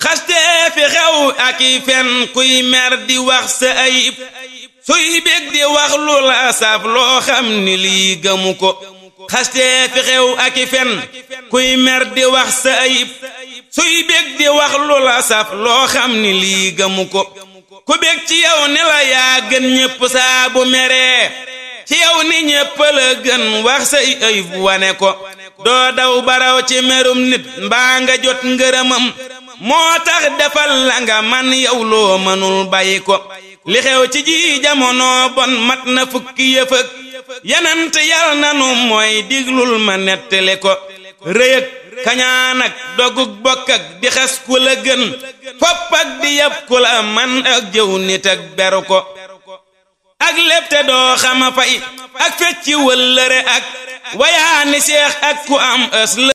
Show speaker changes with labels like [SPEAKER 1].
[SPEAKER 1] xaste fi xew ak i fen kuy mer di wax sa ayib suy bég di wax lu la saf loo xam ni lii ko xaste fi xew ak i fen kuy mer di wax sa ayib suy bég di wax la saf loo xam ni lii gëmu ko ku bég ci yow ni la yaa ñépp saa bu ci yow ni ñépp la gën wax say ayib wane ko doo daw baraw ci merum nit mbaa nga jot ngërëmam moo tax defal la nga man yow loo mënul bàyyi ko li ci ji jamono bon mat na fukki yëfëg yenant yal nanu mooy diglul ma nettali ko rëyëg kañaanak dogug bokk ak di xas ku la gën di yab ku la man ak jëw nit ak ko ak lépp doo xama fay ak fecci wëllëre ak
[SPEAKER 2] ويا نسيخ أكو أم أصل